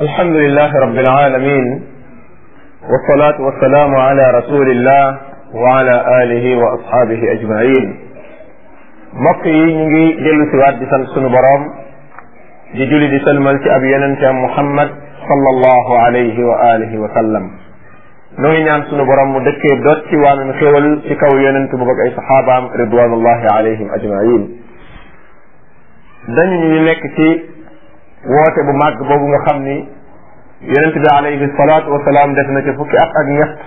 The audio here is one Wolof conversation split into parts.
alhamdulilahi rabbil alamin wasalaatu wasalaamu ala rasulillah wa ala alihi wa ashabihi ajmain mbokk yi ñu ngi dellu si waat di sant sunu boroom di julli di salmal ci ab yonente am muhammad sallallahu alayhi wa alihi wa sallam noo ngi ñaan sunu borom mu dëkkee doot ci waanan xéwal ci kaw yonent bu bëgg ay saxaabaam ridwanullahi alayhim ajmain dañu ñu nekk ci woote bu màgg boobu nga xam ni yonent bi alayhi salaatu wasalaam def na ci fukki at ak ñett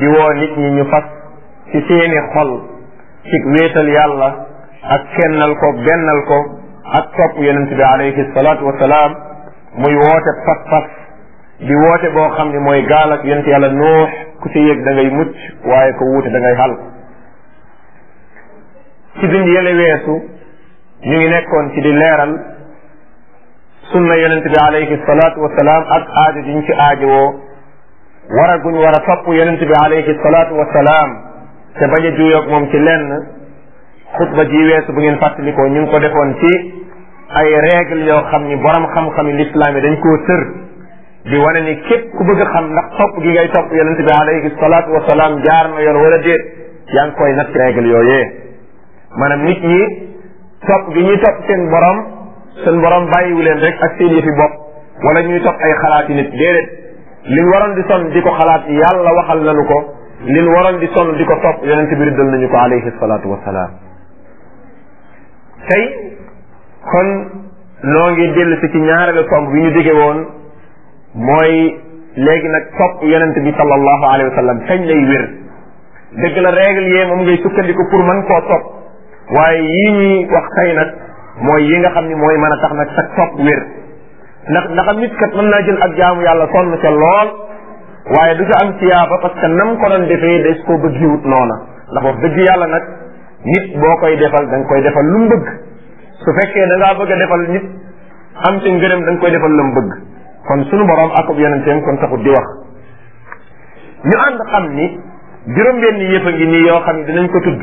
di woo nit ñi ñu fas ci seeni xol ci wéetal yàlla ak kennal ko bennal ko ak topp yonent bi alayhi salaatu muy woote woote boo xam ni mooy gaal ak yonent yàlla ku ci yëg da mucc waaye ko wuute dangay ngay ci bind yële weesu ñu ngi nekkoon ci di leeral sunna yonent bi alayhi salaatu wasalaam ak aajo diñ ci aajowoo war a guñ war a topp yonent bi alayhi salaatu wasalaam te bañ a juuyoog moom ci lenn xutba ji weesu bu ngeen fàttalikoo ñu ngi ko defoon ci ay règle yoo xam ni borom xam-xami lislaam yi dañ koo tër di wane ni képp ku bëgg a xam ndax topp gi ngay topp yonent bi alayhi salaatu wasalaam jaar na yoon wala déet yaa ngi koy natt règle yooyee maanaam nit ñi topp gi ñuy topp seen borom seen borom bàyyiwu leen rek ak seen yëfi bopp wala ñuy topp ay xalaat yi nit déedéet liñ waroon di sonn di ko xalaat yàlla waxal nañu ko liñ waroon di sonn di ko topp yonent bi riddal nañu ko alayhi salaatu wasalaam tey kon noo ngi dellu si ci ñaareelu tomb bi ñu dige woon mooy léegi nag topp yonent bi sallallahu alayhi wa sallam kañ lay wér dëgg la règle yee moom ngay koo topp waaye wax nag mooy yi nga xam ni mooy mën a tax nag sa topp wér ndax ndax nit kat mën naa jël ak jaamu yàlla sonn ca lool waaye du ca am siyaaba parce que nam ko doon defee ko koo bëggiwut noona ndax wax dëgg yàlla nag nit boo koy defal da koy defal lu mu bëgg su fekkee da bëgg a defal nit am ci ngërëm da nga koy defal lu mu bëgg kon sunu boroom akub yonenteem kon taxut di wax ñu ànd xam ni juróom-benn yëf ngi nii yoo xam ne dinañ ko tudd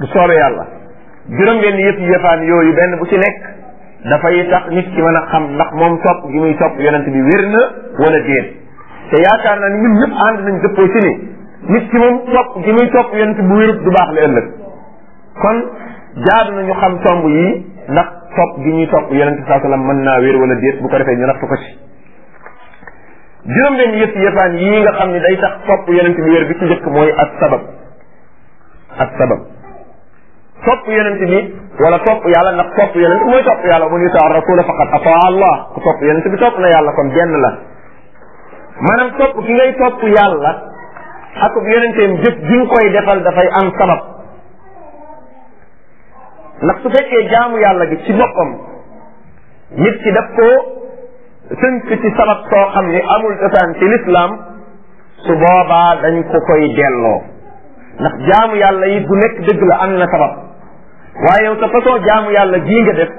du soobee yàlla juróom benn yëpp yëfaan yooyu benn bu ci nekk dafay tax nit ki mën a xam ndax moom topp gi muy topp yonent bi wér na wala déet te yaakaar naa ni ñun ñëpp ànd nañ dëppoo ci ni nit ki moom topp gi muy topp yonent bu wérut du baax la ëllëg kon jaadu nañu xam tomb yi ndax topp gi ñuy topp yonent saa sallam mën naa wér wala déet bu ko defee ñu nattu ko ci juróom benn yëpp yëfaan yii nga xam ne day tax topp yonent bi wér bi ci njëkk mooy as sabab as topp yonent bi wala topp yàlla ndax topp yonent mooy topp yàlla man yutaa rasula faqad ataa allah ku topp yonent bi topp na yàlla kon benn la maanaam topp ki ngay topp yàlla ak yonenteem jëf bi nga koy defal dafay am sabab ndax su fekkee jaamu yàlla gi ci boppam nit ki daf koo ci sabab soo xam ne amul cosaan ci lislaam su boobaa ko koy delloo ndax jaamu yàlla yi bu nekk dëgg la am na sabab waaye yow sa façon jaamu yàlla gii nga def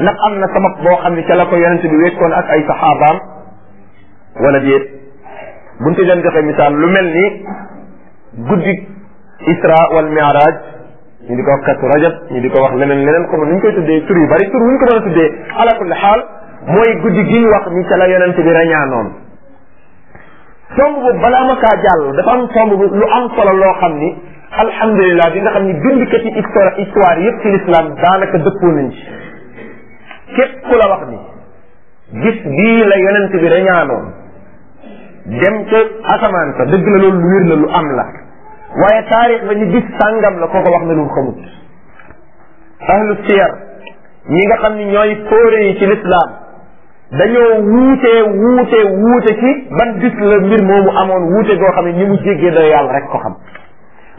ndax am na sabab boo xam ne ca la ko yonent bi ak ay saxaabaam wala déet buñ ci leen joxe misaal lu mel ni guddi isra wal mi'raj ñu di ko wax kasu rajab ñu di ko wax leneen leneen ko ni ñu koy tuddee tur yu bari tur wuñ ko mën a tuddee ala kulli xaal mooy guddi gi ñu wax ni ca la yonent bi rañaanoon somb bu balaa ma kaa jàll dafa am somb bu lu am solo loo xam ni alhamdulilah bi nga xam ni bindkat yi histoire histoire yëpp ci l'islam daanaka dëppoo nañ ci képp ku la wax ni gis bii la yonent bi reñaanoon dem ca asamaan dëgg la loolu lu wér la lu am la waaye taarix ba ñu gis sàngam la ko wax na lu xamut ahlu siyar ñi nga xam ni ñooy tóore ci l'islam dañoo wuutee wuute wuute ci ban gis la mbir moomu amoon wuute goo xam ne ñi mu jéggee da yàlla ko xam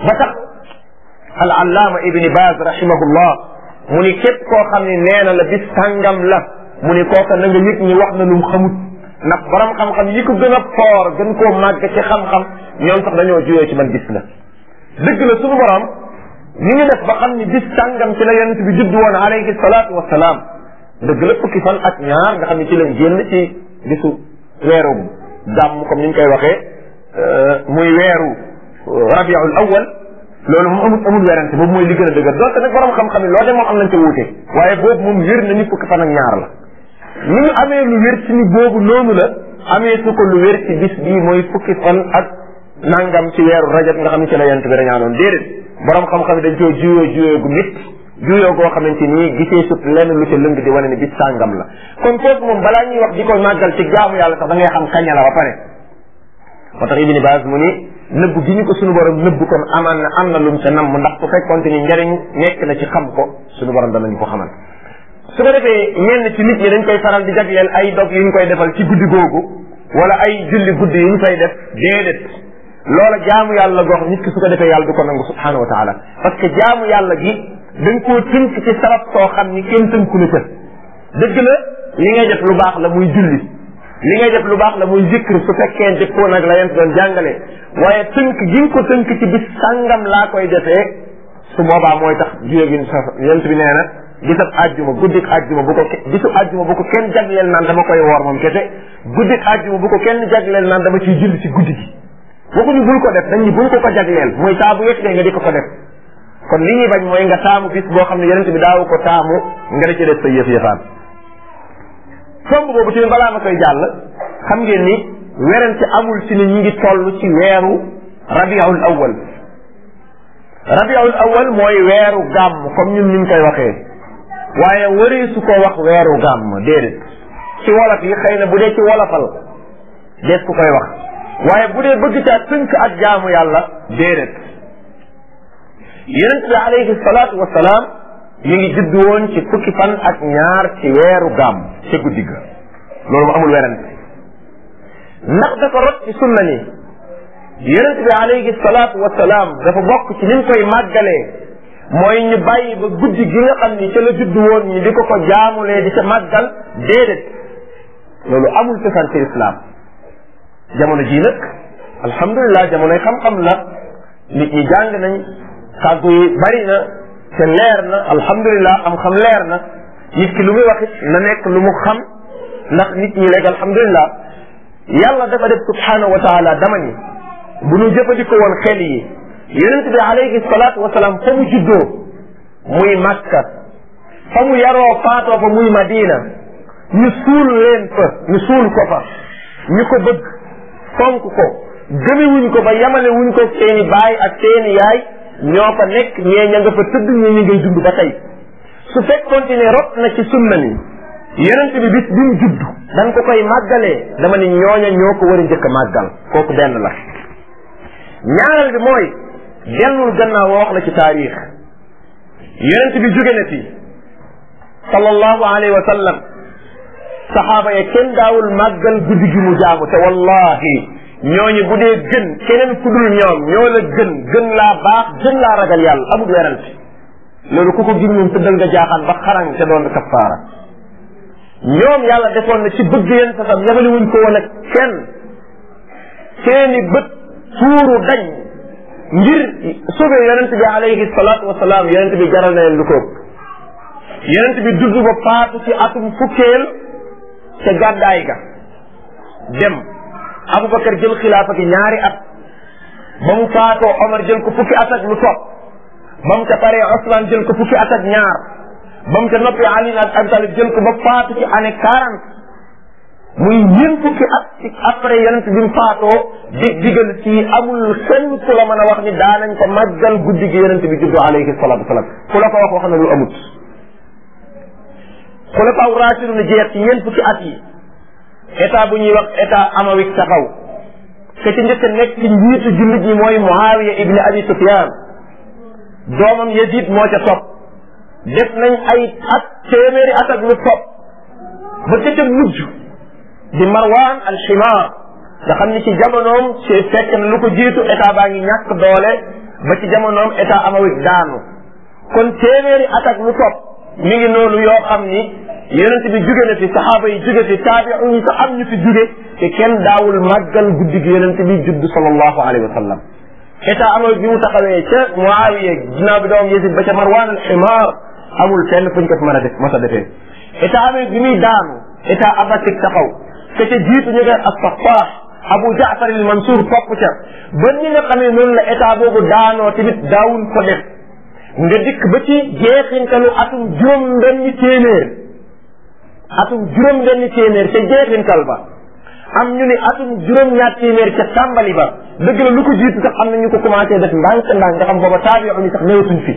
ba tax al allaama ibni Baaz rahimahullah mu ni képp koo xam ne nee na la bis sàngam la mu ni kooka na nga yëg ni wax na lu xamut ndax borom xam-xam yi ko gën a foor gën koo màgg ci xam-xam ñoom sax dañoo juyoo ci man bis la dëgg la suñu borom ni ñu def ba xam ni bis sàngam ci la yonent bi judd woon alayhi salaatu wasalaam dëgg la fukki fan ak ñaar nga xam ne ci lañ génn ci bisu weeru gàmm comme ko ñu koy waxee euh, muy weeru rabiul awal loolu moom amul amul werante boobu mooy li gën a dëgër donte nag borom xam-xam yi loolu de moom am nañ wuute waaye boobu moom wér na ni fukki fan ak ñaar la ni ñu amee lu wér ci ni boobu noonu la amee su lu wér ci bis bii mooy fukki fan ak nangam ci weeru rajab nga xam ne ci la yent bi rañaanoon déedéet borom xam-xam yi dañ coo juyoo juyoo gu nit juyoo goo xamante ni gisee sut lenn lu ca lëng di wane ne bis sàngam la kon kooku moom balaa ñuy wax di ko màggal ci jaamu yàlla sax da ngay xam kaña la ba pare nëbb gi ñu ko suñu borom nëbb kon amaan na am na lum ca namm ndax bu fekkonte ni njariñ nekk na ci xam ko suñu borom danañu ko xamal su ko defee ñenn ci nit ñi dañ koy faral di jagleel ay dog yu ñu koy defal ci guddi googu wala ay julli guddi yu ñu koy def déedéet loola jaamu yàlla gox nit ki su ko defee yàlla du ko nangu subhanahu wa taala parce que jaamu yàlla gi dañ koo tënk ci sabab soo xam ni kenn tënku la ca dëgg la li ngay def lu baax la muy julli li ngay def lu baax la muy zikr su fekkee dëppoo nag la yent doon jàngale waaye tënk gi nga ko tënk ci bis sàngam laa koy defee su boobaa mooy tax jiyegin sa yent bi nee na bisab àjjuma guddik àjjuma bu ko bisub àjjuma bu ko kenn jagleel naan dama koy woor moom kese guddik àjjuma bu ko kenn jagleel naan dama ciy julli ci guddi gi waxuñu bul ko def dañuy ni bul ko ko jagleel mooy saa bu yegg nga di ko ko def kon li ñuy bañ mooy nga taamu bis boo xam ne yonent bi daaw ko taamu nga da ci def tomb boobu tamit balaa ma koy jàll xam ngeen ni werante amul ci ne ñi ngi toll ci weeru rabiul awal rabiul awal mooy weeru gàmm comme ñun niñ koy waxee waaye waree su ko wax weeru gàmm déedéet ci wolof yi xëy bu dee ci wolofal dees ku koy wax waaye bu dee bëgg caa tënk ak jaamu yàlla déedéet yonent bi alayhi salaatu wasalaam mi ngi judd woon ci fukki fan ak ñaar ci weeru gàmm ca guddi ga loolu mu amul werante ndax dafa rot ci sunna ni yonent bi alayhi salaatu wa salaam dafa bokk ci lim koy màggalee mooy ñu bàyyi ba guddi gi nga xam ni la judd woon ñi di ko ko jaamulee di ca màggal déedéet loolu amul cosaan ci islam jamono jii nag alhamdulilah jamonoy xam-xam la ñi jàng nañ kàggu yi bari na te leer na alhamdulilah am xam leer na lu nekk lu mu xam ndax nit ñi léegi alhamdulilah yàlla dafa def subhanahu wa taala dama ni bu ñu jëfandikoo woon xel yi yonent bi alayhi salaatu wasalaam fa mu juddoo muy Makka fa mu yaroo faatoo fa muy Madina ñu suul leen fa ñu suul ko fa ñu ko bëgg fonk ko gëmewuñ ko ba yamale wuñ ko seeni baay ak seeni yaay ñoo fa nekk ñee ña nga tëdd ñee ñu ngay ba tey su fekkoonte ne rot na ci sunna ni yonent bi bis bi mu judd dañ ko koy màggalee dama ni ñooña ñoo ko war a njëkk a màggal kooku benn la ñaareel bi mooy dellul gannaaw wax la ci taarix yonent bi jóge na fi saxaaba ya kenn daawul màggal guddi gi jaamu te wallahi ñooñu bu dee gën keneen ku dul ñoom ñoo la gën gën laa baax gën laa ragal yàlla amul werante loolu ku ko gis moom tëddal nga jaaxaan ba xaran te doon kafaara ñoom yàlla defoon na ci bëgg yéen sa sam yabali wuñ ko woon ak seeni bët tuuru dañ ngir sauver yonent bi alayhi salaatu wasalaam yonent bi jaral na leen lu ko yonent bi dudd ba faatu ci atum fukkeel ca gàddaay ga dem Aboubacar jël xilaafa gi ñaari at ba mu faatoo Omar jël ko fukki at ak lu topp ba mu ca paree Ousmane jël ko fukki at ak ñaar ba mu ca noppi Ali ak Abi Talib jël ko ba faatu ci année quarante muy ñeent fukki at ci après yonent bi mu faatoo di digal la mën a wax ni daanañ ko màggal guddi gi yonent bi juddu alayhi salaatu wasalaam ku la ko wax wax na lu amut xulafaaw raashiduun jeex ci fukki at yi état bu ñuy wax état amawik taxaw ke ci ci njiitu jullit ñi mooy Muawiya ibni Abi Sufyan doomam Yazid moo ca topp def nañ ay at téeméeri at ak lu topp ba ca ca di Marwan al nga xam ni ci jamonoom ci fekk na lu ko jiitu état baa ngi ñàkk doole ba ci jamonoom état amawik daanu kon téeméeri at ak lu topp mi ngi noonu yoo xam ni yonent bi jóge na fi saxaaba yi jóge fi taabi'u yi sax am ñu fi jóge te kenn daawul màggal guddi gi yonent bi judd sallallahu alayhi wa sallam état amul bi mu taxawee ca Muawiya ginnaaw bi doom Yazid ba ca Marwan al-Himar amul fenn fuñ ko mën a def mas a defee état amee bi muy daanu état abatik taxaw te ca jiitu ñu ngeen as-Saffah Abu Jaafar al-Mansour topp ca ba ni nga xamee noonu la état boobu daanoo tamit daawuñ ko def nga dikk ba ci jeexintalu atum juróom benn téeméer atum juróom benn téeméer ca jeexintal ba am ñu ne atum juróom ñaar téeméer ca tàmbali ba dëgg la lu ko jiitu sax am na ñu ko commencé def ndànk ndànk nga xam booba taabiixu ñu sax newatuñ fi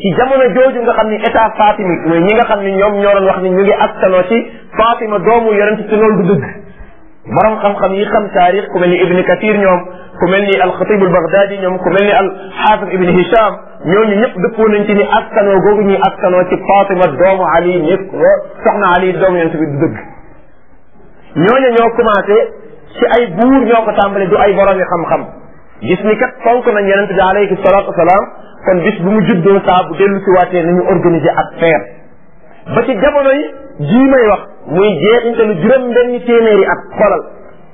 ci jamono jooju nga xam ni état fatimite mooy ñi nga xam ni ñoom ñoo doon wax ni ñu ngi askanoo ci Fatima doomu yonent te loolu du dëgg borom xam-xam yi xam taarix ku mel ni Ibn Kathir ñoom ku mel ni al-Khatib al-Baghdadi ñoom ku mel ni al-Hafiz Ibn Hisham ñooñu ñëpp dëppoo nañ ci ni askanoo googu ñuy askanoo ci Fatima doomu Ali nekk soxna Ali doomu yonent bi du dëgg ñooñu ay buur ñoo ko tàmbale du ay borom yi xam-xam gis ni kat fonk nañ yonent bi alayhi salaatu wasalaam kon bis bu saa bu dellu si waatee nañu organiser ak feer ba ci jamono yi jii may wax muy jeexintalu juróom benn téeméeri at xoolal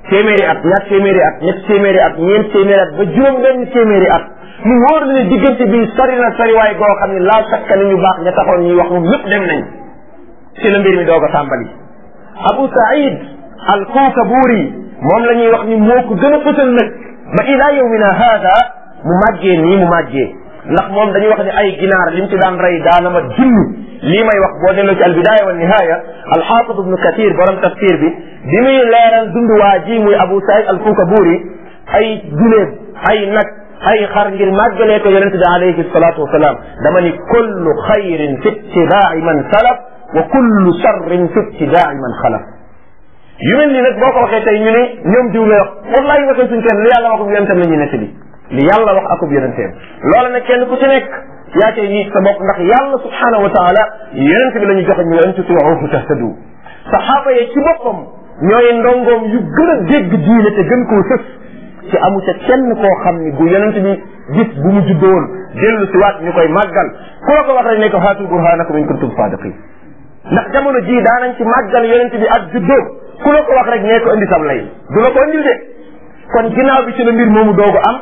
téeméeri at ñaar téeméeri at ñett téeméeri at ñeent téeméeri at ba juróom benn téeméeri at mu wóor na ne diggante bi sori na sori waaye goo xam ne laa sakka na ñu baax ña taxoon ñuy wax moom ñëpp dem nañ ci la mbir mi doog a tàmbali Abu Saïd al Kunkabuuri moom la ñuy wax ni moo ko gën a fësal nag ba ilaa yawmina haada mu màggee nii mu màggee ndax moom dañuy wax ne ay ginaar lim ci daan rey daana ma junni lii may wax boo delloo ci al bidaaya wa nihaaya al xaafid ibnu kathir borom tafsir bi bi muy leeral dundu waa ji muy Abu Saïd al Kunkabuuri ay guleeb ay nag ay xar ngir màggalee ko yonent bi alayhi salaatu wasalaam dama ni kullu xayrin fi ittibaa'i man salaf wa kullu sharrin fi ittibaa'i man xalaf yu mel nii nag boo ko waxee tey ñu ne ñoom diw lay wax wallaay waxee suñ kenn li yàlla wax ak yonentam la ñuy nekk bi li yàlla wax akub yonenteem loola nag kenn ku ci nekk yaa cay yiit sa bopp ndax yàlla subhaanahu wa taala yonent bi la ñu joxe ñu an tutiuhu tahtadu saxaaba yi ci boppam ñooy ndongoom yu gën a dégg diine te gën koo sës te amu ca kenn koo xam ni bu yonent bi gis bu mu juddoon dellu si waat ñu koy màggal ku la ko wax rek ne ko haatu ko in kuntum saadiqin ndax jamono ji daanañ ci màggal yonent bi ak juddoom ku la ko wax rek nee ko indi sam lay la ko indil de kon ginnaaw bi ci la mbir moomu doogu am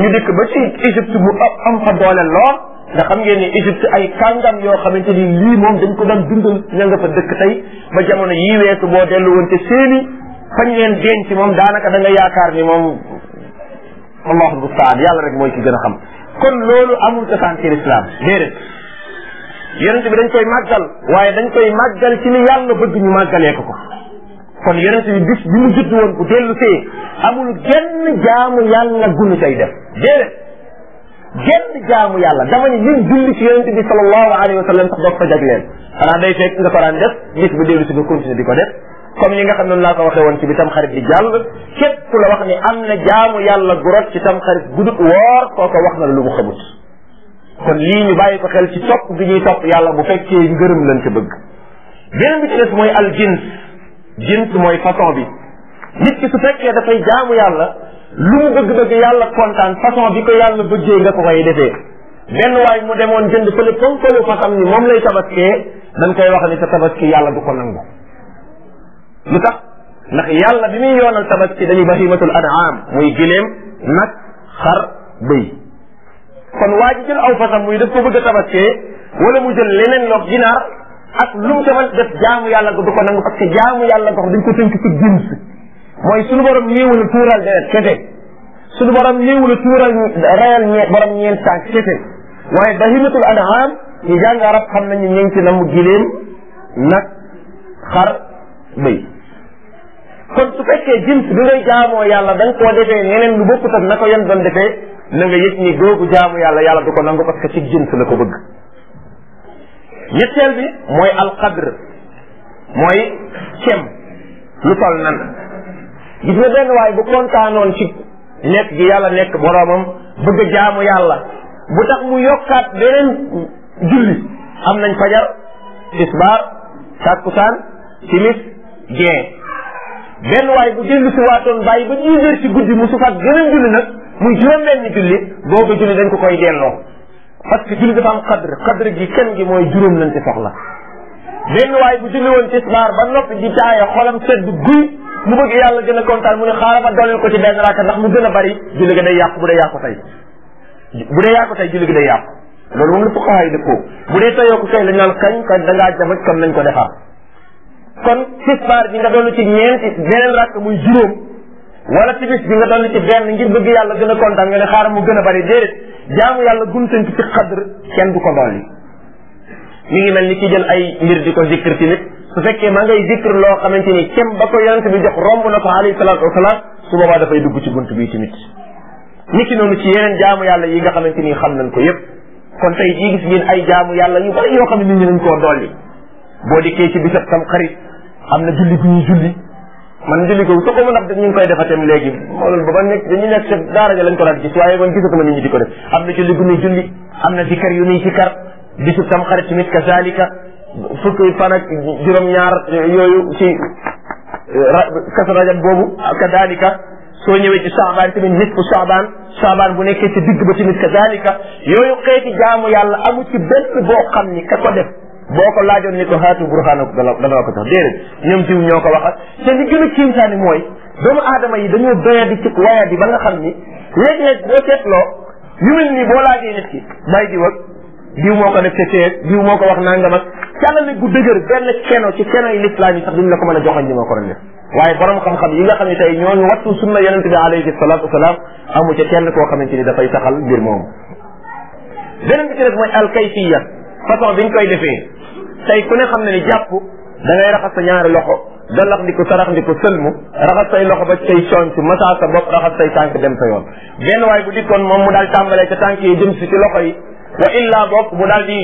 ñu dikk ba ci Égypte bu am fa doole lool ndax xam ngeen ni Égypte ay kàngam yoo xamante ni lii moom dañ ko daan dundal ña nga fa dëkk tey ba jamono yii weesu boo dellu woon te seeni fañ leen denc moom daanaka da yaakaar ni moom allahu bustaan yàlla rek mooy ki gën a xam kon loolu amul cosaan ci lislaam déedéet yonent bi dañ koy màggal waaye dañ koy màggal ci ni yàlla bëgg ñu màggalee ko ko kon yonent bi bis bi mu judd ku dellu see amul genn jaamu yàlla gunu cay def déedéet genn jaamu yàlla dama ni liñ julli ci yonent bi sallallahu alayhi wa sallam sax doog fa jagleel xanaa day nga ko daan def bis bu dellu si nga continuer di ko def comme li nga xam ne laa ko waxee woon ci bi tam xarit di jàll képp ku la wax ni am na jaamu yàlla gu rot ci tam xarit gudut woor kooko wax na lu mu xamut kon lii ñu bàyyi ko xel ci topp bi ñuy topp yàlla bu fekkee ngërëm lañ ca bëgg mooy al jins jins mooy façon bi nit ki dafay jaamu yàlla lu mu bëgg-bëgg yàlla kontaan façon bi ko yàlla bëggee nga ko koy defee benn waay mu demoon jënd fële ponkalu façam ni moom lay tabaskee dañ koy wax ni sa tabaski yàlla du ko nangu lu tax ndax yàlla bi muy yoonal tabaski dañu bahimatul an'am muy gileem nag xar bëy kon waa ji jël aw fasam muy daf ko bëgg a wala mu jël leneen loog ginaar ak lu mu demal def jaamu yàlla du ko nangu parce que jaamu yàlla gox dañ ko tënk ci jins mooy sunu borom néewu la tuural deret kese suñu borom néewu la tuural reyal ñe borom ñeent tànk kese waaye bahimatul an'am ñu jàng arab xam nañu ñengi ci namu gileem nag xar bëy kon su fekkee jins bi ngay jaamoo yàlla da nga koo defee neneen lu bokkut ak na ko yon doon defee na nga yëg ni googu jaamu yàlla yàlla du ko nangu parce que ci jins la ko bëgg ñetteel bi mooy alqadr mooy kem lu na nan gis nga benn waay bu kontaanoon ci nekk gi yàlla nekk boroomam bëgg a jaamu yàlla bu tax mu yokkaat beneen julli am nañ fajar tisbaar takkusaan timis gee benn waay bu dellu si waatoon bàyyi ba dix heures ci guddi mu sufaat gëneen julli nag muy juróom-benn julli boobu julli dañ ko koy delloo parce que julli dafa am xadr xadr gi kenn gi mooy juróom lañ ci soxla benn waay bu julli woon tisbaar ba noppi di taaya xolam sedd guy mu bëgg yàlla gën a kontaan mu ne xaaral ma dooleel ko ci benn raaka ndax mu gën a bari julli ga day yàqu bu dee yàqu tey bu dee yàqu tey julli ga day yàqu loolu moom la fuqahaa yi dëppoo bu dee tayoo ko kay lañ ko defar kon tisbaar bi nga dolli ci ñeenti beneen rakk muy juróom wala tibis bi nga dolli ci benn ngir bëgg yàlla gën a kontaan nga ne xaaral mu gën a bari déedéet jaamu yàlla guntanti ci xadr kenn bu ko dolli mi ngi mel ni ki jël ay mbir di ko zikr tamit su fekkee ma ngay zikr loo xamante ni kem ba ko yonente bi jox romb na ko alayhi salaatu wasalaam su boobaa dafay dugg ci bunt bi tamit niki noonu ci yeneen jaamu yàlla yi nga xamante ni xam nañ ko yépp kon tey ay jaamu yàlla yu bari yoo xam ne nit ñi nañ koo dolli boo dikkee ci bisab tam xarit am na julli bu ñuy julli man julli ko ko mën a ñu ngi koy defatem léegi loolu ba ba nekk dañuy nekk sa daara ja lañ ko daan gis waaye man gisatuma nit ñi di ko def am na julli bu ñuy julli am na zikar yu ñuy zikar bisub tam xarit tamit kazalika fukki fan ak juróom-ñaar yooyu ci kas rajab boobu kadalika soo ñëwee ci saabaan tamit nisfu saabaan saabaan bu nekkee ci digg ba tamit kadalika yooyu xeeti jaamu yàlla amu ci benn boo xam ni ka ko def boo ko laajoon ni ko haatu burhaanaku dana ko jox déedéet ñoom diw ñoo ko waxal te li gën a kéemtaani mooy doomu aadama yi dañoo doya di ci waya di ba nga xam ni léeg-léeg boo seetloo yu mel nii boo laajee nit ki may di wag diw moo ko def te teeg diw moo ko wax nangam ak càllale gu dëgër benn keno ci keno yi laa yi sax duñ la ko mën a joxoñ ñi moo ko doon def waaye borom xam-xam yi nga xam ne tey ñooñu wattu sunna yonente bi alayhi salatu wasalaam amu ca kenn koo xamante ni dafay taxal mbir moomu beneen bi ci def mooy alkayfiya façon biñ koy defee tey ku ne xam ne ni jàpp da raxas sa ñaari loxo dalax ndiku sarax ndiku sëlmu raxas say loxo ba say conc massa sa bopp raxas say tànk dem sa yoon benn waay bu dikkoon moom mu daal tàmbalee ca tànk yi jëm si ci loxo yi wa illaa boog mu daal di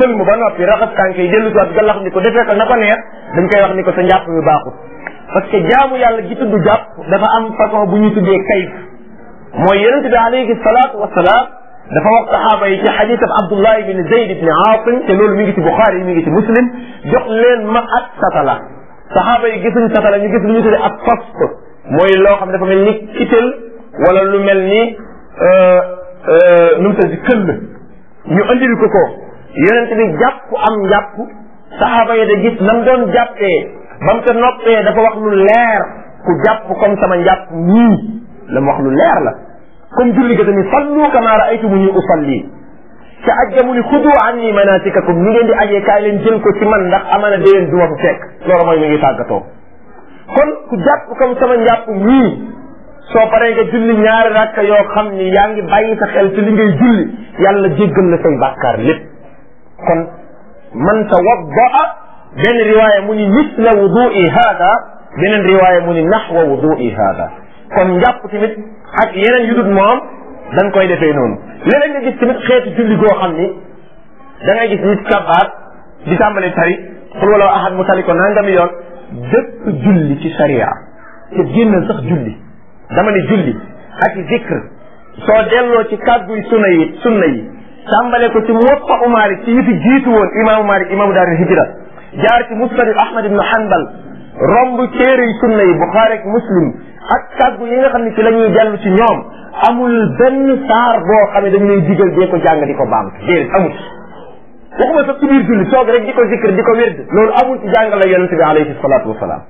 sëlmu ba noppi raxas tànk yi dellu siwaat galax ndiku defee ko na ko neex dañ koy wax ni ko sa njàpp bi baaxut parce que jaamu yàlla gi tudd jàpp dafa am façon bu ñu tuddee kayf mooy yonente bi alayhi salaatu dafa wax saxaaba yi ci xadiisam Abdullah ibn Zayd ibn Aasim te loolu mi ngi ci mi ngi Muslim jox leen ma ak satala saxaaba yi gisuñ satala ñu gis lu ñu tuddee ak mooy loo xam dafa mel ni kitel wala lu mel ni euh, euh, nu mu tudd këll ñu andil ko ko yonent bi jàpp am jàpp saxaaba yi da gis nam doon jàppee ba mu ko noppee dafa wax lu leer ku jàpp comme sama njàpp nii la mu wax lu leer la kon julli ga tamit sallu kama raaytumuni usalli ca aj ga mu ni xudu anni manasikakum ni ngeen di ajee kaay leen ci man ndax amana déwén du ma fi fekk loolu mooy mi ngi tàggatoo kon ku jàpp comme sama njàpp ñii soo paree nga julli ñaari rakk yoo xam ni yaa ngi bàyyi sa xel ci li ngay julli yàlla jéggal la say bàkkaar lépp kon man tawaddaa benn riwaaya mu ni misla wudui haada beneen riwaaya mu ni naxwa wudui haada kon njàpp tamit ak yeneen yu dul moom dañ koy defee noonu léeg-léeg nga gis tamit xeetu julli goo xam ni da ngay gis nit kabaar di tàmbali tari xul wala ahad mu tali ko nangami yoon dëkk julli ci sariya te génnal sax julli dama ne julli ak zikr soo delloo ci kàdduy sunna yi sunna yi tàmbale ko ci Muwatta Maalik ci yi fi jiitu woon imaamu Maalik imaamu daaril hijra jaar ci Musnad Ahmad ibn Hanbal romb téere sunna yi Buxaari ak Muslim ak tàggu yi nga xam ne ci la ñuy dellu ci ñoom amul benn saar boo xam ne dañ lay digal dee ko jàng di ko baamtu déedéet amul waxuma sax ci biir julli soog rek di ko zikr di ko wérd loolu amul ci jàngale yonente bi alayhi salaatu wasalaam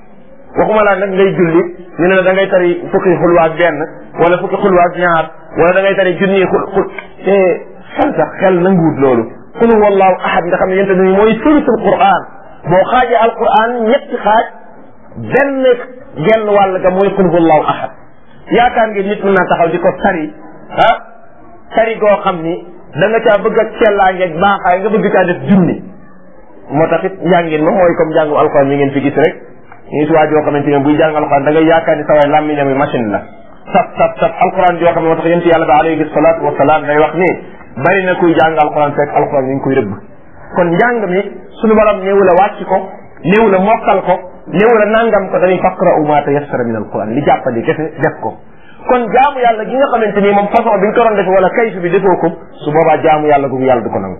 waxuma laa nag ngay julli ñu ne la da ngay tari fukki xulwaag benn wala fukki xulwaag ñaar wala da ngay tari junni xul xul te xel sax xel nanguwut loolu qul wallahu ahad nga xam ne yonente bi mooy suratul quran boo xaajee alquran ñetti xaaj benn genn wàll ga mooy qul huwallahu ahad yaakaar ngeen nit mën naa taxaw di ko tari ah tari goo xam ni da nga caa bëgg a cellaangeeg baaxaay nga bëgg caa def junni moo tax it njàngin ma mooy comme njàngu alxuraan mi ngeen fi gis rek ñu gis waa joo xamante ne buy jàng alxuraan da ngay yaakaar ni sawaay làmmiñam yi machine la sab sab sab alxuraan joo xam ne moo tax yéen ci yàlla ba alayhi salaatu day wax ni bari na kuy jàng alxuraan fekk alxuraan ñu ngi koy rëbb kon njàng mi suñu borom néew la wàcc ko néew la mokkal ko li wala nangam ko dañuy faqra'u ma tayassara min alquran li jàppandi kese def ko kon jaamu yàlla gi nga xamante ni moom façon bi nga ko doon defee wala kay bi defoo ko su boobaa jaamu yàlla googu yàlla du ko nangu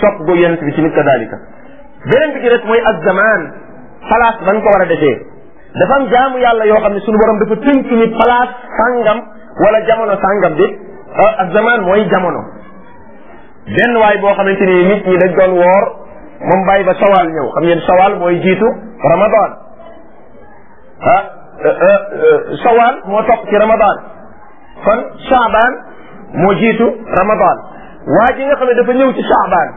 sopp go yonent bi tamit kadalika beneen bi ci des mooy ak zamaan place ban ko war a defee dafa am jaamu yàlla yoo xam ne suñu borom dafa tënk ni place sàngam wala jamono sàngam bi euh, ak zamaan mooy jamono benn waay boo xamante ni nit ñi dañ doon woor moom bàyyi ba sawaal ñëw xam ngeen sawaal mooy jiitu ramadan ah sawaal moo topp ci ramadan kon saabaan moo jiitu ramadan waa ji nga xam ne dafa ñëw ci saabaan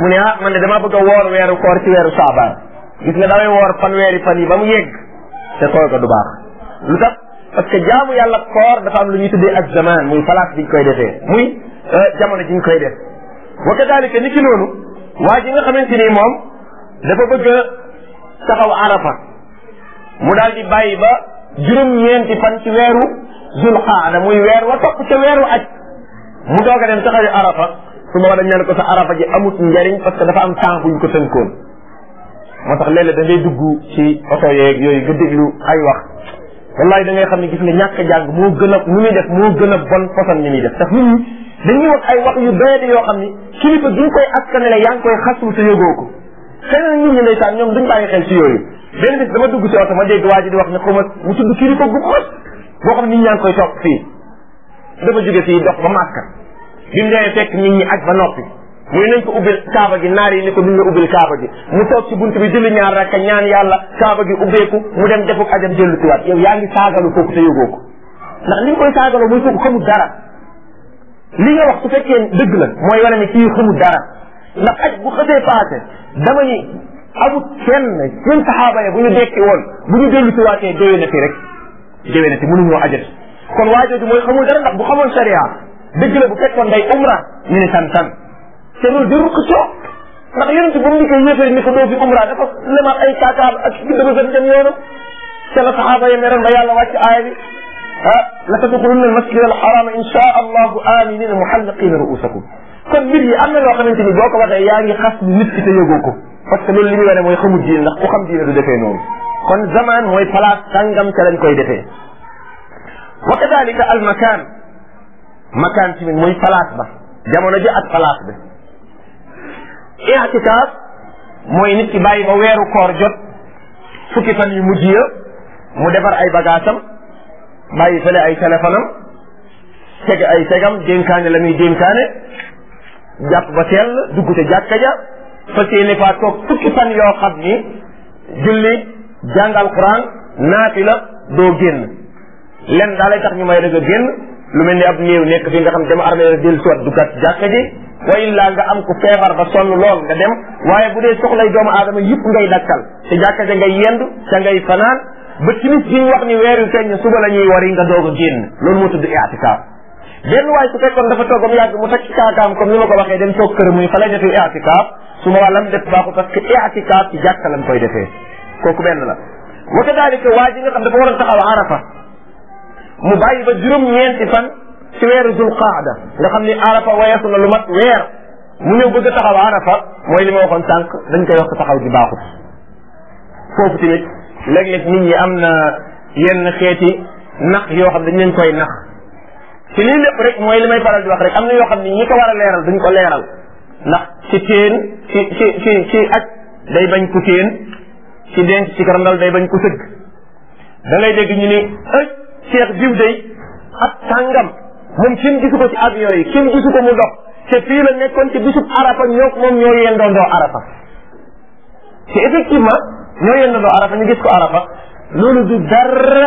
mu ne ah man de damaa bëgg a woor weeru koor ci weeru saabaan gis nga damay woor fanweeri fan yi ba mu yegg te koor du baax lu tax parce que jaamu yàlla koor dafa am lu ñuy tuddee ak zaman muy place biñ koy defee muy jamono jiñ koy def wa kadalika ni ki noonu waa ji nga xamante ni moom dafa bëgg a taxaw arafa mu daal di bàyyi ba juróom-ñeenti fan ci weeru zulxaada muy weer wa topp ca weeru aj mu doog a dem taxawi arafa su booba dañ naan ko sa arafa ji amut njariñ parce que dafa am temps buñ ko tënkoon moo tax lele léeg da dugg ci oto yooyu nga déglu ay wax wallaay da ngay xam ne gis nga ñàkk jàng moo gën a muy def moo gën a bon façon ni muy def tax nit ñi dañuy wax ay wax yu doyati yoo xam ni kilifa gi ñu koy askanale yaa ngi koy xasul te yëgoo ko xëy na nit ñi ñoom duñ bàyyi xel ci yooyu benn ci oto ma dégg waa ji di wax ne xaw ma mu tudd kilifa gu mag boo xam nit ñaa ngi koy topp fii dafa jóge fii dox ba Màkka bi mu demee fekk ñi aj ba noppi muy nañ ko ubbil kaaba gi naar yi ni ko duñ la ubbil kaaba gi mu toog ci bunt bi julli ñaar rakka ñaan yàlla kaaba gi ubbeeku mu dem defuk ajam jëllu tuwaat yow yaa ngi saagalu kooku te yëgoo ko ndax li koy saagaloo muy kooku xamul dara li nga wax su fekkee dëgg la mooy wane ne kii xamul dara ndax aj bu xësee passé dama ni amut kenn seen saxaaba ya bu ñu dekki woon bu ñu dellu ti waatee déwee na fi rek déwee na fi mënuñoo ajat kon waajooju mooy xamul dara ndax bu xamoon sharia dëgg la bu fekkoon day umra ñu ne san san te loolu jarul ko coow ndax yonent ba mu ni koy ni ko doo umra dafa lemaat ay kaakaar ak dama gën dem yoonam te la saxaaba ya meroon ba yàlla wàcc aaya ah la tadxulunna almasjid alxaram insha allahu aminina muxalliqina ruusakum kon mbir yi am na loo xamante ni boo ko waxee yaa ngi xas nit ki te yëgoo ko parce que loolu li muy wane mooy xamul diine ndax ku xam diine du defee noonu kon zaman mooy place sangam ca lañ koy defee wa kadalika al makan makan tamit mooy place ba jamono ji ak place bi i'tikaaf mooy nit ki bàyyi ba weeru koor jot fukki fan yu mujj ya mu defar ay bagaasam bàyyi fële ay téléphone am ay segam dénkaane la muy dénkaane jàpp ba teel dugg te jàkka ja fas yéene toog fukki fan yoo xam ni julli jàng alquran naati la doo génn len daa lay tax ñu may rek a lu mel ni ab néew nekk fi nga xam dem armée del suwat duggaat jàkka ji wa illaa nga am ku feebar ba sonn lool nga dem waaye bu dee soxlay doomu aadama yëpp ngay dakkal te jàkka ngay yendu ca ngay fanaan ba timis gi ñu wax ni weer wi feeñ suba la ñuy wari nga doog a génn loolu moo tudd i'tikaaf benn waay su fekkoon dafa toog am yàgg mu takk kaakaam comme ni ma ko waxee dem toog kër muy fa lay defee i'tikaaf su ma wàllam def baaxu parce que i'tikaaf ci jàkka lañ koy defee kooku benn la wa kadaalika waa ji nga xam dafa waroon taxaw arafa mu bàyyi ba juróom weer fan ci weeru zul qaada nga xam ni arafa weesu na lu mat weer mu ñëw bëgg a taxaw arafa mooy li ma waxoon sànq dañ koy wax taxaw ji baaxut foofu léeg-léeg nit ñi am na yenn xeeti nax yoo xam dañ leen koy nax ci lii lépp rek mooy li may faral di wax rek am na yoo xam ne ñi ko war a leeral duñ ko leeral ndax ci téen ci ci day bañ ku téen ci denc ci karandal day bañ ku sëgg da ngay dégg ñu ni ëj Cheikh diw day ab sàngam moom kenn gisu ko ci avion yi kenn gisu ko mu dox te fii la nekkoon ci bisub arafa ñoo moom ñoo yendoo ndoo arafa te effectivement ñoo yendandoo arafa ñu gis ko arafa loolu du dara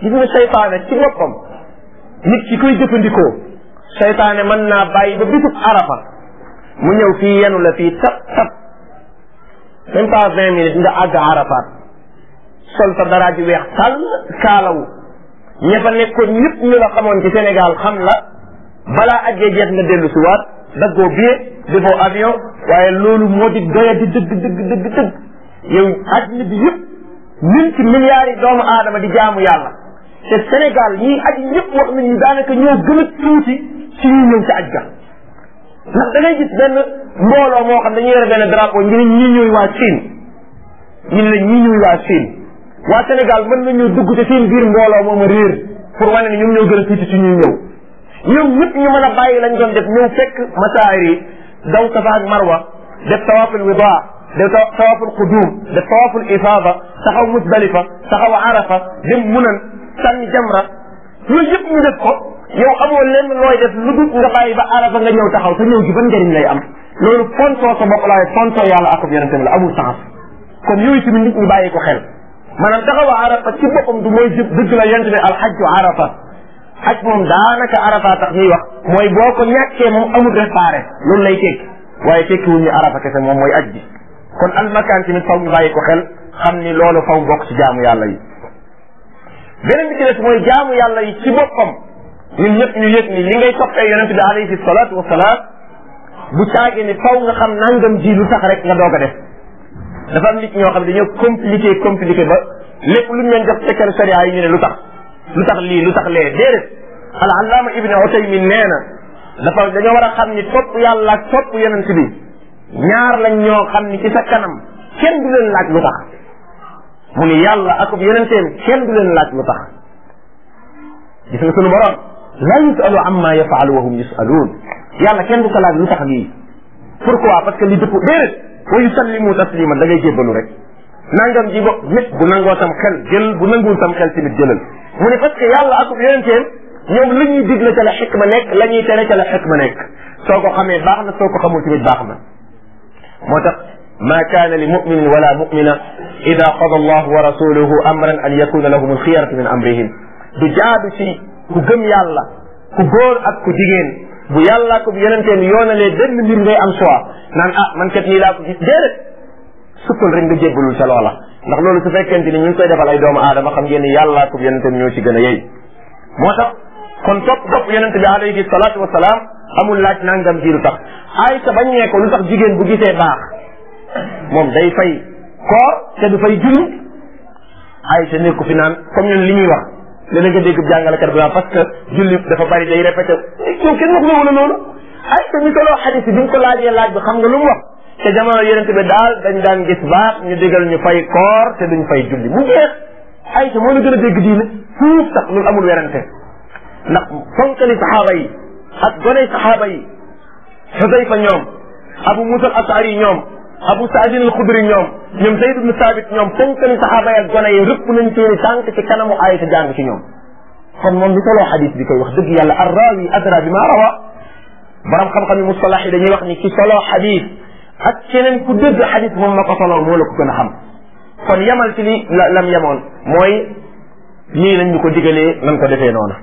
gis nga seytaane ci boppam nit ki koy jëfandikoo seytaane man naa bàyyi ba bisub arafa mu ñëw fii yenu la fii tap tap même pas vingt minutes nga àgg arafaat sol sa weex tàll kaalawu ña fa nekkoon ñëpp la xamoon ci Sénégal xam la balaa ajjee jeex nga dellu si waat daggoo billet defoo avion waaye loolu moo di doya di dëgg dëgg yow àddina bi yëpp ñun ci milliards yi doomu aadama di jaamu yàlla te Sénégal aj ñëpp wax daanaka ñoo gën a tuuti ci ñuy ñëw ci aj ga ndax da ngay benn mbooloo moo xam dañuy yore benn drapeau ñu ne ñii ñooy waa Chine ñu ne waa Chine waa Sénégal mën nañoo dugg te seen biir mbooloo moom a réer pour wane ne ñoom ñoo gën a tuuti ci ñuy ñëw ñoom ñëpp ñu mën a bàyyi lañ doon def ñëw fekk masaari daw safa ak marwa def tawaaful wida da tawaful qudum da tawaful ifada taxaw musdalifa taxaw arafa dem munan sànni jamra loolu yëpp ñu def ko yow amoo lenn looy de lu dul nga bàyyi ba arafa nga ñëw taxaw te ñëw gi ban njëriñ lay am loolu fontoo sa bopp laay fontoo yàlla ak yonentam la amul sens kon yooyu tamit nit ñi bàyyi ko xel maanaam taxaw arafa ci boppam du mooy jëb dëgg la yonent bi alxajju arafa ak moom daanaka arafa tax ñuy wax mooy boo ko ñàkkee moom amul réparé loolu lay tekki waaye tekkiwul ñu arafa mooy aj bi kon al makaan tamit faw ñu bàyyi ko xel xam ni loolu faw bokk ci jaamu yàlla yi beneen bi ci des mooy jaamu yàlla yi ci boppam ñun ñëpp ñu yëg ni li ngay toppee yonent bi alayhi salaatu wasalaam bu caagi ni faw nga xam nangam ji lu tax rek nga doog de def dafa am nit ñoo xam ne dañoo compliqué compliqué ba lépp lu ñu leen jox tekkal sariya yi ñu ne lu tax lu tax lii lu tax lee déedéet al allaama ibni utaymin nee na dafa dañoo war a xam ni topp yàlla ak topp yonent bi ñaar lañ ñoo xam ni ci kanam kenn du leen laaj lu mu ni yàlla akub yonenteem kenn du leen laaj lu tax gis nga sunu borom la yusalu amma yafaalu wa hum yusaluun yàlla kenn du ko laaj lu tax lii pourquoi parce que li dëpp déedéet wa yusallimu taslima da ngay jébbalu rek nangam ji bopp nit bu nangoo tam xel jël bu nanguwul tam xel tamit jëlal mu ne parce que yàlla akub yonenteem ñoom la ñuy digle ca la xikma nekk la ñuy tere ca la xikma nekk soo ko xamee baax na soo ko xamul tamit baax na moo tax maa kaana li muminin wala mumina ida qada allahu wa rasuluhu amran an yakuna lahum alxiyaratu min amrihim du jaadu ci ku gëm yàlla ku góor ak ku jigéen bu yàlla ko yonenteen yoonalee benn mbir ngay am soi naan ah man kat nii laa ko gis déedéet sukkal rek nga jébbalul ca loola ndax loolu su fekkente ni ñu ngi koy defal ay doomu aadama xam ngeen ni yàllaa ko yonente bi ñoo ci gën a yey moo tax kon topp topp yonente bi alayhi salaatu wasalaam amul laaj nangam ji lu tax Aysa bañ nee lu tax jigéen bu gisee baax moom day fay koor te du fay julli Aysa ku fi naan comme ñun li ñuy wax léeg-léeg nga dégg jàngalekat bi parce que julli dafa bari day répété yow kenn wax loolu noonu Aysa mi soloo xadis bi bi ñu ko laajee laaj bi xam nga lu mu wax te jamono yonente bi daal dañ daan gis baax ñu digal ñu fay koor te duñ fay julli mu jeex Aysa moo la gën a dégg diine fuuf sax loolu amul werante ndax ak goney saxaaba yi xudayfa ñoom abu musal asari ñoom abu saadin al xudri ñoom ñoom zayd ibn saabit ñoom tenkani saxaaba yi ak gone yi rëpp nañ seeni tànk ci kanamu ayta jàng ci ñoom kon moom li soloo xadis bi koy wax dëgg yàlla ar rawi adra bi maa rawa borom xam-xam yi mustalax yi dañuy wax ni ci soloo xadis ak keneen ku dëgg xadis moom ma ko soloo moo la ko gën a xam kon yamal ci li lam yamoon mooy nii lañ ñu ko digalee nañ ko defee noonu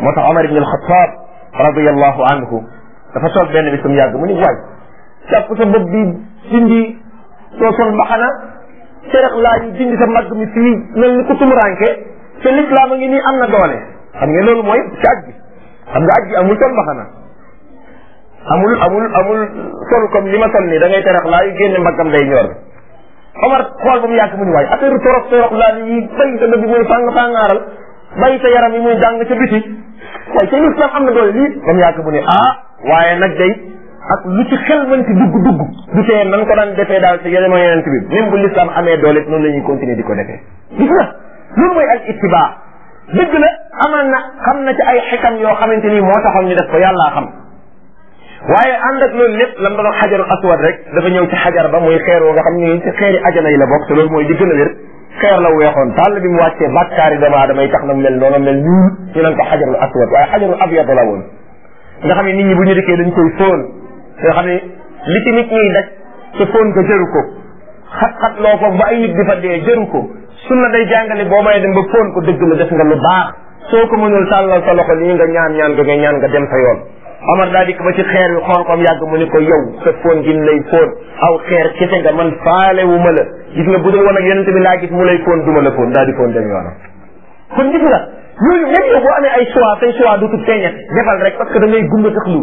moo tax Omar ibn al Xataab radiyallahu anhu dafa toog benn bisum yàgg mu ni waay jàpp sa bopp bi dindi soo sol mbaxana cerex laa yi dindi sa màgg mi fii mel ni ku tumuranke te lislaam a ngi nii am na doole xam nga loolu mooy ci aj xam nga aj amul sol mbaxana amul amul amul sol comme li ma sol nii da ngay cerex laa yi génne mbaggam day ñor Omar xool ba mu yàgg mu ni waay affaire torox torox laa yi bay sa dëgg bay sa yaram yi muy jàng ca biti waaye te lislaam am na doole lii ba mu yàgg mu ne ah waaye nag day ak lu ci xel mënti dugg dugg du na nan ko daan defee daal ci yeneen yonent bi même bu lislaam amee doole noonu la ñuy continuer di ko defee gis nga loolu mooy al ittibaa dëgg la amaan na xam na ci ay xikam yoo xamante ni moo taxoon ñu def ko yàllaa xam waaye ànd ak loolu lépp lam doon xajarul aswad rek dafa ñëw ci xajar ba muy xeer woo nga xam ne ci xeeri ajana yi la bokk te loolu mooy di gën a wér xeer la weexoon tàll bi mu wàccee bàkkaari doomu aadama yi tax na mu mel noonu mel ñuul ñu naan ko xajarul aswad waaye xajarul abyad la woon nga xam ne nit ñi bu ñu dikkee dañ koy fóon nga xam ne li ci nit ñiy daj te fóon ko jëru ko xat-xat loo ko ba ay nit di fa dee jëru ko sunna day jàngale boo may dem ba fóon ko dëgg la def nga lu baax soo ko mënul tàllal sa loxo lii nga ñaan ñaan nga nga ñaan nga dem sa yoon Omar daa dikk ba ci xeer wi xool ko am yàgg mu ne ko yow sa fóon gi lay fóon aw xeer kese nga man faale wu ma la gis nga bu dee woon ak yonent bi laa gis lay fóon duma la fóon daa di fóon dem yoonam amee ay choix say choix du rek parce que da ngay gumba lu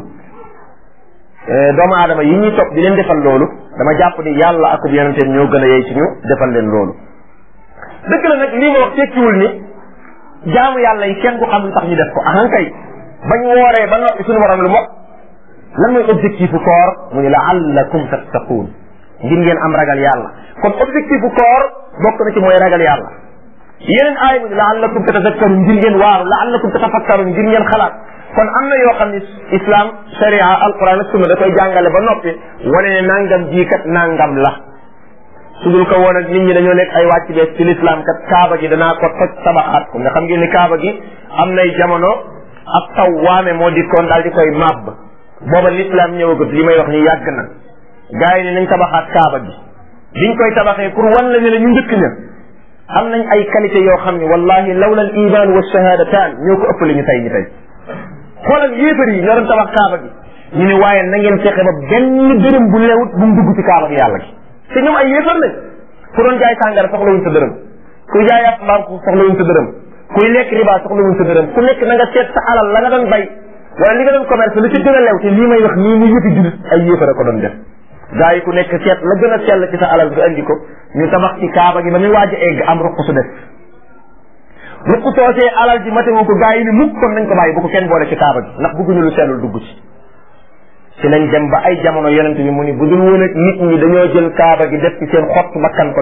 eh, doomu aadama yi ñuy di leen defal dama jàpp ni yàlla akub yonenteem ñoo gën a yey ñu defal leen loolu dëgg la nag lii ma wax tekkiwul ni jaamu yàlla yi kenn du xam lu tax ñu def ko ahan kay bañ wooree ba noppi suñu borom lu mu wax lan mooy objectif bu koor mu ni laallakum ngeen am ragal yàlla kon objectif bu koor bokk na ci mooy ragal yàlla yeneen aay mu ni laallakum tatazakkarun ngir ngeen waaru laallakum tatafakkarun ngir xalaat kon am na yoo xam ne islam sharia alquran ak sunna da koy jàngale ba noppi wane ne nangam jii kat nangam la su dul ko woon ak nit ñi dañoo nekk ay wàcc bees ci l'islam kat kaaba gi danaa ko toj tabaxaat ko nga xam ngeen ni kaaba gi am nay jamono ak taw waame moo di dikkoon daal di koy màbb booba lislaam ñëwagut li ma wax ni yàgg na gars yi ne nañ tabaxaat kaaba gi biñ koy tabaxee pour wan la ne la ñu am nañ ay qualité yoo xam ne wallahi lawla al iman wa shahadataan ñoo ko ëpp li ñu tey ñu tey xoolal yéefar yi ñoo doon tabax kaaba gi ñu ne waaye na ngeen fexe ba benn dërëm bu leewut bu mu dugg ci kaaba gi yàlla gi te ñoom ay yéefar lañ ku doon jaay sàngara soxlawuñ sa dërëm ku jaay yàpp mbaam soxlawuñ kuy lekk riba soxlawul sa dërëm ku nekk na seet sa alal la nga doon bay wala li nga doon commerce lu ci gën a lew te lii may wax nii ni yëfi jullit ay yéefara ko doon def ku nekk seet la gën a sell ci sa alal nga andi ko ñu tabax ci kaaba gi ba muy waaj a am ruq su def ruq soosee alal ji matewu ko gaa yi ni mukk kon nañ ko bàyyi bu ko kenn boole ci kaaba gi ndax bëgguñu lu sellul dugg ci ci lañ dem ba ay jamono yonent bi mu ni bu dul dañoo jël kaaba gi def ci seen xott bakkan ko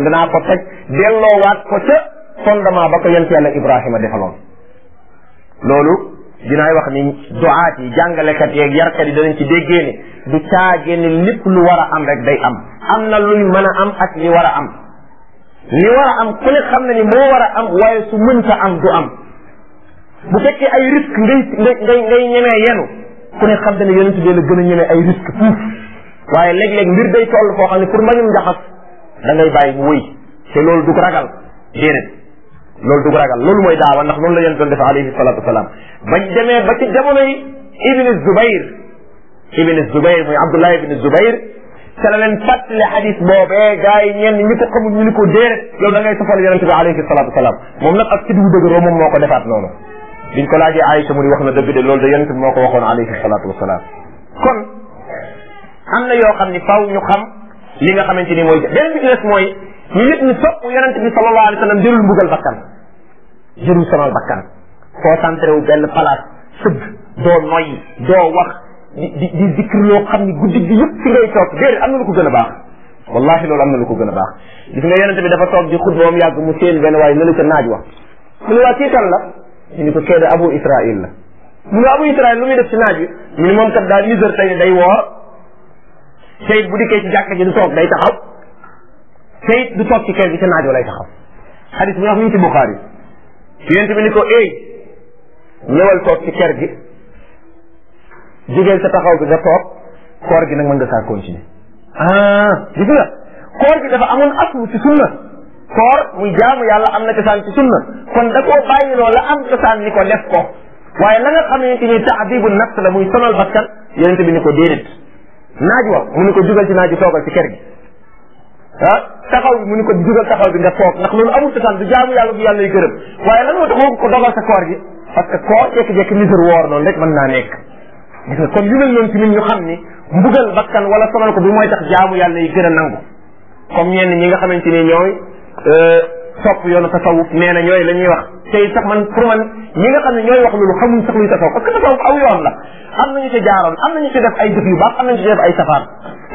fondement ba ko yent yàlla Ibrahima defaloon loolu dinaay wax ni duaat yi jàngalekat yeeg yarkat yi danañ ci déggee ne du caagee ne lépp lu war a am rek day am am na luy mën am ak li war a am li war am ku ne xam na ni moo war a am waaye su mënta am du am bu fekkee ay risque ngay ngay ngay ngay yenu ku ne xam na ne yonent bi la gën a ñemee ay risque fuuf waaye léeg-léeg mbir day toll foo xam ne pour mbañum njaxas da ngay mu wëy te loolu du ragal déedéet loolu du ragal loolu mooy daawa ndax noonu la yéen doon def alayhi salatu wasalaam bañ demee ba ci jamono yi ibni Zubayr ibni Zubayr mooy Abdullah ibni Zubayr te la leen fàttali xadis boobee gars yi ñenn ñu ko xamul ñu ni ko déere loolu da ngay sofal yonente bi alayhi salatu wasalaam moom nag ak sidwu dëgëroo moom moo ko defaat noonu biñ ko laajee Aïcha mu ni wax na dëgg de loolu de yonente bi moo ko waxoon alayhi salatu wasalaam kon am na yoo xam ni faw ñu xam li nga xamante ni mooy beneen bi ci des mooy ñu nit ñi sopp yonent bi sallallahu alayhi wa sallam jërul mbugal bakkan jërul sonal bakkan concentré wu benn place sëgg doo noyyi doo wax di di di xam ni guddi gi yëpp ci ngay toog déedéet am na lu ko a wallahi loolu am na lu ko gën a baax gis nga yonent bi dafa toog di xutba moom yàgg mu seen benn waaye nela ca naaj wax mu ne waa kii kan la ñu ni ko kee de abu israil la mu ne abu israil lu def ci naaj wi mu ne moom kat daal 10 day woor te it bu dikkee ji du toog day te it du toog ci kër ca naaj lay taxaw xadis bi nga xam ci Buxaari yonent bi ni ko éy ñëwal toog ci kër gi jógeel sa taxaw bi nga toog koor gi nag mën nga saa continuer ah gis nga koor gi dafa amoon aslu ci sunna koor muy jaamu yàlla am na cosaan ci sunna kon da koo bàyyi loolu la am cosaan ni ko def ko waaye la nga xam ne ni taabibu nafs la muy sonal bakkan yonent bi ni ko déedéet naaj wa mu ni ko jugal ci naaj wi toogal ci kër gi ah taxaw bi mu ni ko jugal taxaw bi nga toog ndax loolu amul cosaan du jaamu yàlla bu yàlla yi gërëm waaye lan moo tax woo ko dogal sa koor gi parce que koor jekki-jekki misère woor noonu rek mën naa nekk kon yu mel noonu ci ñun ñu xam ni mbugal bakkan wala sonal ko bi mooy tax jaamu yàlla yi gën a nangu comme ñenn ñi nga xamante ni ñooy sopp euh, yoonu tasawuf nee na ñooy la ñuy wax tey sax man pour man ñi nga xam ne ñooy wax loolu xamuñ sax luy tasawuf parce que tasawuf aw yoon la am nañu ci jaaroon am nañu ci def ay jëf yu baax am nañu ci def ay safaan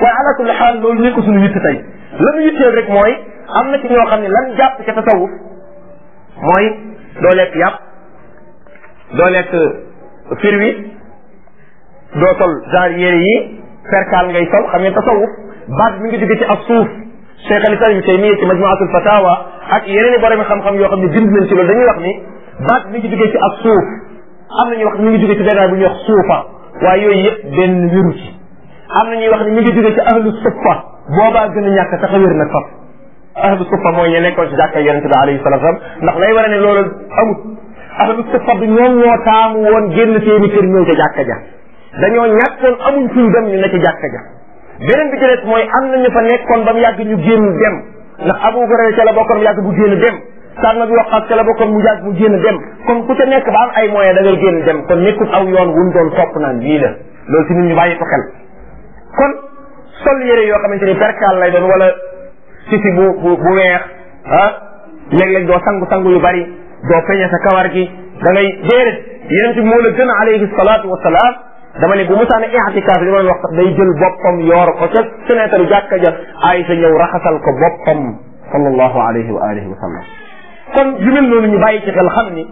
waaye ala kulli xaal loolu nekk suñu yitt tey la ñu yitteel rek mooy am na ci ñoo xam ne lan jàpp ca tasawuf mooy doo lekk yàpp doo lekk firwi doo sol genre yére yi perkaal ngay sol xam ngeen tasawuf baat mi ngi jóge ci ab suuf Cheikh al Islam Ibn Taymiyya ci majmuatul fatawa ak yeneen i borom xam-xam yoo xam ne bind nañ ci loolu dañuy wax ni baat mi ngi jóge ci ab suuf am na ñuy wax ni mi ngi jóge ci benn bu ñuy wax suufa waaye yooyu yëpp benn wiru ci am na ñuy wax ni mi ngi jóge ci ahlu suffa boobaa gën a ñàkk sax a wér na faf ahlu suffa mooy ñe nekkoon ci jàkka yonente bi alayhi salatu wasalam a lay wara ne loolu amut ahlu suffa bi ñoom ñoo taamu woon génn seeni kër ñëw ca jàkka ja dañoo ñàkkoon amuñ fuñ dem ñu ne ca jàkka ja beneen bi ci mooy am na ñu fa nekkoon ba mu yàgg ñu génn dem ndax Abu Hurayra ca la bokkoon mu yàgg mu génn dem Saad na bi Waqqaas ca la bokkoon mu yàgg mu génn dem kon ku ca nekk ba am ay moyens da ngay génn dem kon nekkul aw yoon wuñ doon topp naan lii la loolu si nit ñu bàyyi ko xel sol yére yoo xamante ni perkaal lay doon wala sisi bu bu bu weex ah léeg-léeg doo sangu sangu yu bari doo peñe sa kawar gi da ngay déedéet yeneen bi moo la gën a alayhi salaatu wasalaam dama ne bu musaana i'tikaaf li ma leen wax sax day jël boppam yoor ko ca fenêtre jàkka ja Aysa ñëw raxasal ko boppam sallallahu alayhi wa alihi wa sallam kon yu mel noonu ñu bàyyi ci xel xam ni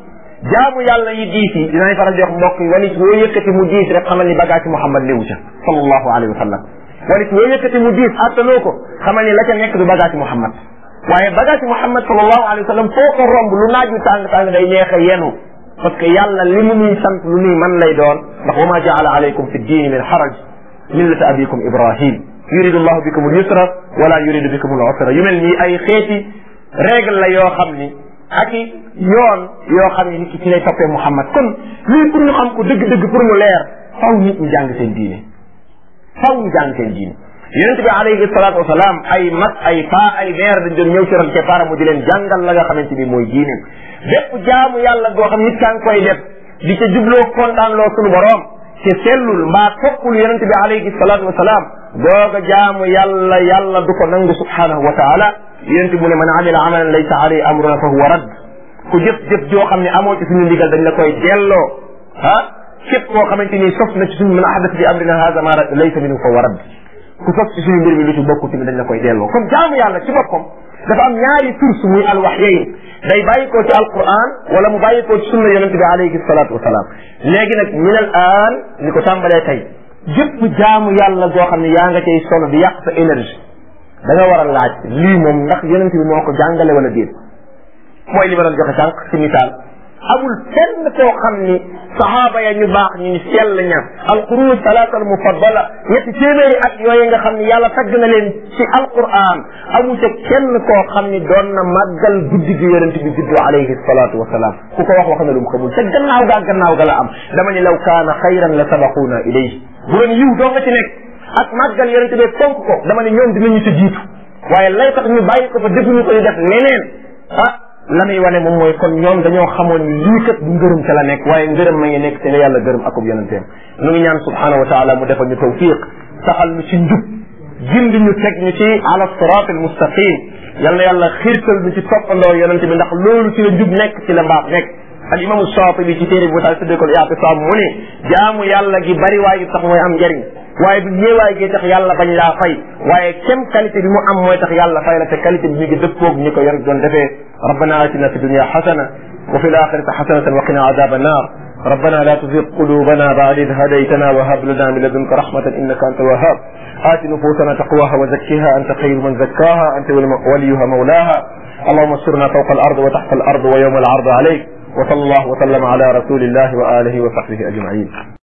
jaamu yàlla yi diis yi dinañ faral di wax mbokk yi wala woo yëkkati mu diis rek xamal ni bagage Muhammad liwu ca sallallahu alayhi wa sallam wala ci loo yëkkati mu diis attanoo ko xamal la ca nekk du bagage Muhammad waaye bagage Muhammad sallallahu alayhi wa sallam foo ko romb lu naaju tàng tàng day neex a yenu parce que yàlla li sant lu nuy man lay doon ndax wa ma jaala alaykum fi diini min xaraj millata abikum ibrahim yuridu llahu bikum al yusra wala yuridu bikum al usra yu mel nii ay xeeti règle la yoo xam ni ak i yoon yoo xam ni nit ki ci lay toppee pour ñu xam ko dëgg-dëgg pour mu leer faw nit ñi jàng seen diine faw ñu jàng seen diine yonent bi alayhi salaatu wasalaam ay mag ay paa ay meer dañ doon ñëw ci ron keppaara mu di leen jàngal la nga xamante ni mooy diine bépp jaamu yàlla goo xam nit kaa ngi koy def di ca jubloo kontaan loo sunu boroom te sellul mbaa toppul yonent bi alayhi salaatu wasalaam googa jaamu yàlla yàlla du ko nangu subhaanahu wa taala yonent mu ne man amila amalan laysa alayhi amruna fa huwa radd ku jëf jëf joo xam ne amoo ci suñu ndigal dañ la koy delloo ah képp koo xamante ni sos na ci suñu mën a ahdat bi amrina hada ma laysa minhu fa warad ku sos ci suñu mbir mi lu ci bokku tamit dañ la koy delloo comme jaamu yàlla ci boppam dafa am ñaari source muy alwaxyayin day bàyyi koo ci alquran wala mu bàyyi koo ci sunna yonente bi alayhi salatu wasalaam léegi nag min al aan li ko tàmbalee tey jëpp jaamu yàlla goo xam ne yaa nga cay solo di yàq sa énergie da nga war a laaj lii moom ndax yonente bi moo ko jàngale wala déet mooy li ma doon joxe sànq ci misaal amul fenn koo xam ni saxaaba ya ñu baax ñu ñu sell ña alquruun salaat al mufaddala ñetti téeméeri at yooyu nga xam ne yàlla tagg na leen ci alquran amu ca kenn ko xam ni doon na màggal guddi gi yonent bi juddu alayhi salaatu wa salaam ku ko wax wax na lu mu xamul te gannaaw gaa gannaaw ga la am dama ni law kaana xayran la sabaquuna ilayhi bu doon yiw doo nga ci nekk ak màggal yonent bi fonk ko dama ni ñoom dinañu ci jiitu waaye lay tax ñu bàyyi ko fa la muy wane moom mooy kon ñoom dañoo xamoon lii kat du ngërëm ca la nekk waaye ngërëm ma ngi nekk te la yàlla gërëm akub yonenteem nu ngi ñaan subhanahu wa taala mu defal ñu tawfiq saxal ñu ci njub gindi ñu teg ñu ci ala sirat al mustaqim yal na yàlla xiirtal ñu ci toppandoo yonente bi ndax loolu ci la njub nekk ci la mbaax nekk al imamu Shaatibi ci téere bi bu taal ko al i'tisaam mu ne jaamu yàlla gi bari waayu am njariñ waaye du yéewaay gee tax yàlla bañ laa fay waaye kem qualité bi mu am mooy tax yàlla fay la te qualité bi ñu ngi dëppoog ñi ko yar doon defee rabbana atina fi dunya xasana wa fi l axirati xasanatan wa qina adaba annar ربنا لا تزغ قلوبنا بعد إذ هديتنا وهب لنا من لدنك رحمة إنك أنت الوهاب آت نفوسنا تقواها وزكها أنت خير من زكاها أنت وليها مولاها اللهم استرنا فوق الأرض وتحت الأرض ويوم العرض عليك وصلى الله وسلم على رسول الله وآله وصحبه أجمعين